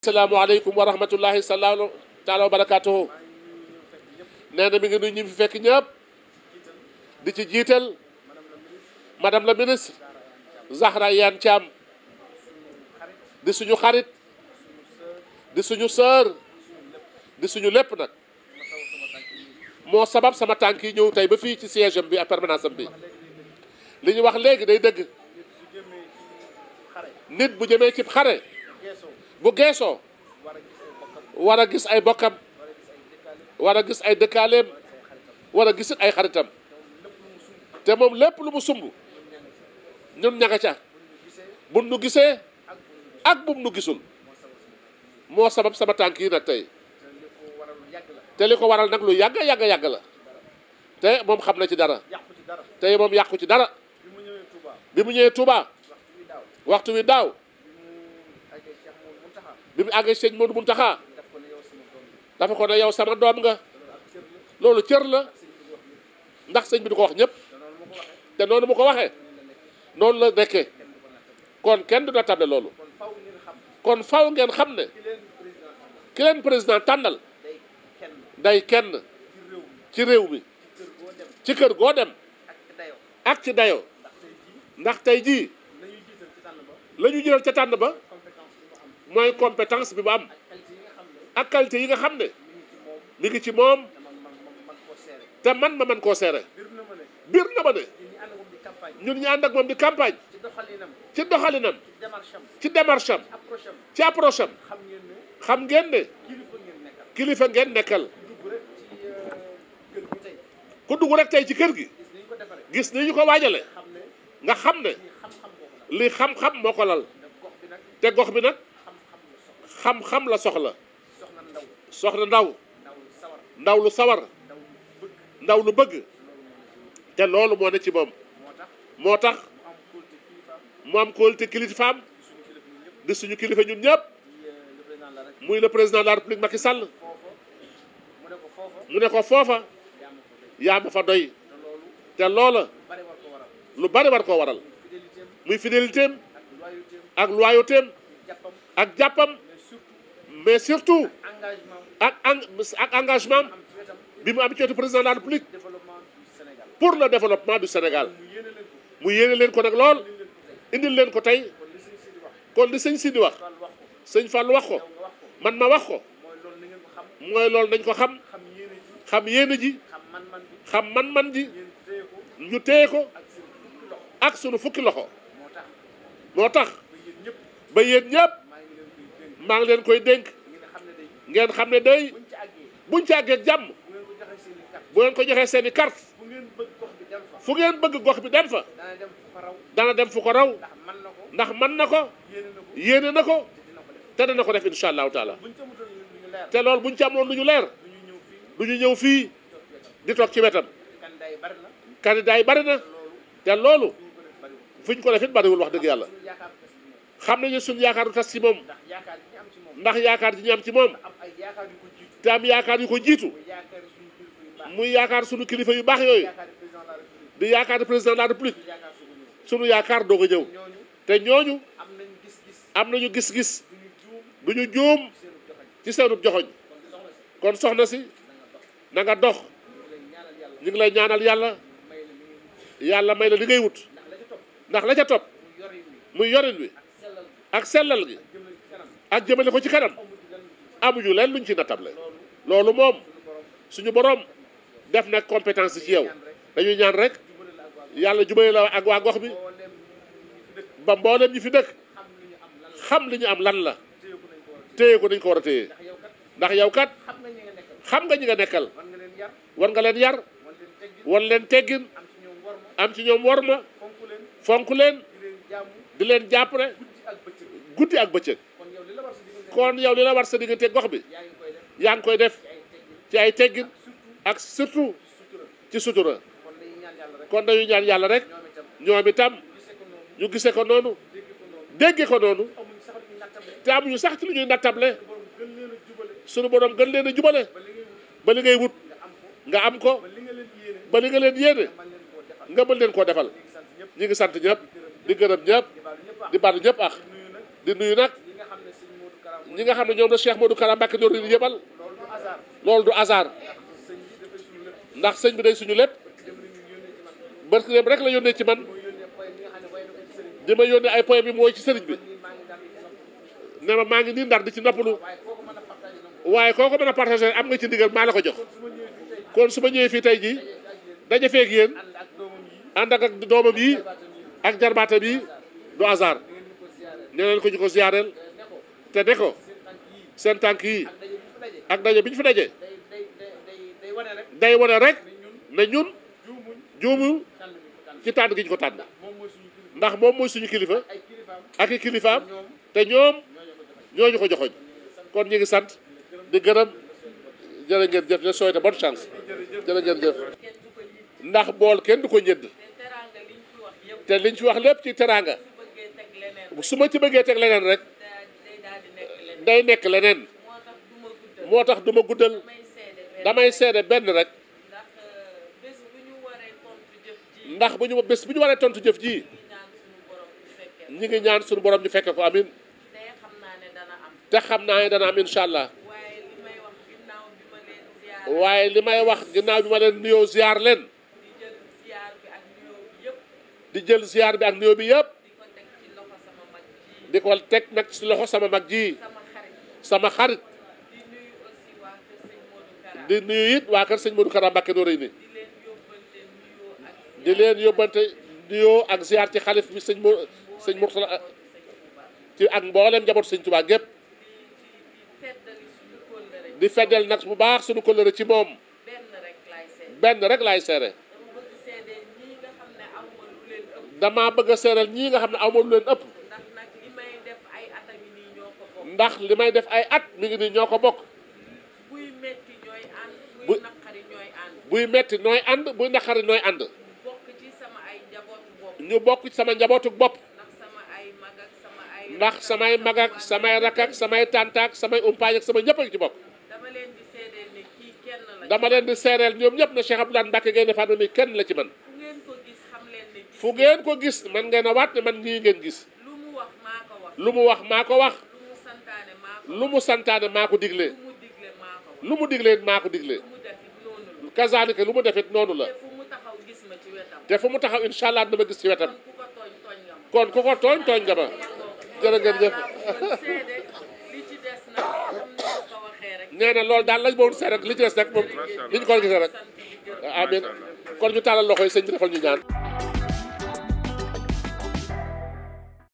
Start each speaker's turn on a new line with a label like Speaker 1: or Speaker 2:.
Speaker 1: asalaamaaleykum wa rahmatullahi salaam taala wa barakaatuhu nee na mi ngi nuyu ñi fi fekk ñëpp di ci jiital madame la ministre Zahra Iyane Thiam di suñu xarit di suñu sœur di suñu lépp nag moo sabab sama tànk yi ñëw tey ba fii ci siège bi ak permanence am bi li wax léegi day dëgg nit bu jëmee cib xare bu geesoo war a gis ay bokkam war a gis ay dëkkaaleem war a gisit ay xaritam te moom lépp lu mu sumb ñun ña ca bu nu gisee ak bum nu gisul moo sabab sama tànk yi nag tey te li ko waral nag lu yàgg yàgg yàgg la te moom xam na ci dara tey moom yàqu ci dara bi mu ñëwee Touba waxtu wi daaw bi mu àggee sëñ Modou taxa dafa ko ne yow sama doom nga loolu cër la ndax sëñ bi du ko wax ñëpp te noonu mu ko waxee noonu la nekkee kon kenn du na tànne loolu kon faw ngeen xam ne ki leen président tànnal day kenn ci réew mi ci kër goo dem ak ci dayo ndax tey jii la ñu jëlal ca tànn ba mooy compétence bi mu am ak qualité yi nga xam ne mi ngi ci moom te man ma man koo seere biir na ma ne ñun ñu ànd ak moom di campagne ci doxalinam ci démarche am ci approche am xam ngeen ne kilifa ngeen nekkal ku dugg rek tey ci kër gi gis ni ñu ko waajale nga xam ne li xam-xam moo ko lal te gox bi nag xam-xam la soxla soxla ndaw ndaw lu sawar ndaw lu bëgg te loolu moo ne ci moom moo tax mu am kóolute kilifaam di suñu kilifa ñun ñëpp muy le président de la république Macky Sall mu ne ko foofa yaa ma fa doy te loola lu bari war koo waral muy fidélité ak loyauté ak jàppam mais surtout ak ak engagement bi mu am ci wetu président de la république pour le développement du Sénégal mu yéene leen ko nag lool indi leen ko tey kon li sëñ si di wax sëñ Fall wax ko man ma wax ko
Speaker 2: mooy loolu nañ ko xam xam yéene ji xam man-man ji ñu téye ko
Speaker 1: ak sunu fukki loxo moo tax ba yéen ñëpp. maa ngi leen koy dénk ngeen xam ne day buñ ci àggee jàmm bu ngeen ko joxee seen i carte fu ngeen bëgg gox bi dem fa dana dem fu ko raw ndax man na ko yéene na ko te dana ko def incha allahu taala te lool buñ ci amoon lu ñu leer du ñu ñëw fii di toog ci wetam candidat yi bari na te loolu fuñ ko def it bariwul wax dëgg yàlla xam nañu suñu yaakaar tas ci moom ndax yaakaar ji ñu am ci moom te am yaakaar yu ko jiitu muy yaakaar suñu kilifa yu baax yooyu di yaakaar président de la république suñu yaakaar doog a ñëw te ñooñu am nañu gis-gis du ñu juum ci seenub joxoñ kon soxna si na nga dox
Speaker 2: ñu ngi lay ñaanal yàlla
Speaker 1: yàlla may la li ngay wut ndax la ca topp muy yorin wi ak sellal gi ak jëmale ko ci kanam amuñu leen luñ ci natable loolu moom suñu borom def na compétence ci yow dañuy ñaan rek yàlla jubale la ak waa gox bi ba mboolem ñi fi dëkk xam li ñu am lan la téye ko dañ ko war a téye ndax yow kat xam nga ñi nga nekkal war nga leen yar war leen teggin am ci ñoom war ma fonk leen di leen jàppale guddi ak bëccëg kon yow li la war sa diggante gox bi yaa ngi koy def ci ay teggin ak surtout ci sutura kon dañuy ñaan yàlla rek ñoom itam ñu gisee ko noonu dégge ko noonu te amuñu sax ci lu ñuy nattable sunu borom gën leen a jubale ba li ngay wut nga am ko ba li nga leen yéene nga mën leen koo defal ñi ngi sant ñëpp di gërëm ñëpp di baal ñëpp ax di nuyu nag ñi nga xam ne ñoom la Cheikh Modou Kara Mbacké doon yebal loolu du hasard ndax sëñ bi day suñu lépp barke dem rek la yónnee ci man di ma yónnee ay poème bi mooy ci sëriñ bi
Speaker 2: ne maa ngi nii ndar di ci noppalu
Speaker 1: waaye koo ko mën a partagé am nga ci ndigal maa la ko jox kon su ma ñëwee fii tey jii daje feeg yéen ànd ak ak doomam yi ak jarbaatam yi du hasard nee leen ko ñu ko ziyaareel te de ko seen tànk yi ak daje bi ñu fi daje day wane rek ne ñun juumu ci tànn gi ñu ko tànn ndax moom mooy suñu kilifa ak i kilifaam te ñoom ñooñu ko joxoñ kon ñu ngi sant di gërëm jërë ngeen jëf ñu souhaité bonne ndax bool kenn du ko ñëdd te liñ ci wax lépp ci teraanga su ma ci bëggee teg leneen rek day nekk leneen moo tax duma guddal damay seede benn rek ndax bu ñu bés bu ñu waree tontu jëf ji ñi ngi ñaan suñu borom ñu fekke ko amin te xam naa ne dana am incha allah waaye li may wax ginnaaw bi ma leen nuyoo ziar leen di jël ziar bi ak nuyoo bi yëpp di ko teg nag ci loxo sama mag ji sama xarit di nuyu it waa kër sëñ Modou Kara Mbacké Noreyni di leen yóbbante nuyoo ak ziar ci xalif bi sëñ Mor sëñ Mourtala ci ak mboolem njaboot sëñ Tuubaa gépp di feddal nag bu baax suñu kóllëre ci moom benn rek laay seere damaa bëgg a seeral ñii nga xam ne aw leen ëpp ndax li def ay at mi ngi metti nooy ànd buy naqari nooy ànd. bokk ci njabootu bopp. ndax sama ay sama samay mag ak samay rakk ak samay tàntaak samay umpaañ ak sama ñëpp ngi ci bokk. dama leen di seedeel ne kii kenn la. dama leen di seedeel ñoom ñëpp ne Cheikh Abdoulaye Mbacke kenn la ci man. fu ngeen ko gis man ngeen a waat ne man ñii ngeen gis. wax maa ko lu mu wax maa ko wax. lu mu santaane maa ko digle lu mu digle maa ko digle kazaalika lu mu defit noonu la te fu mu taxaw incha allah dama gis ci wetam kon ku ko tooñ tooñ nga ma jërë ngeen loolu daal lañ boobu seet li ci des rek moom li ñu ko gisee rek amin kon ñu tàllal loxo yi sëñ bi defal ñu ñaan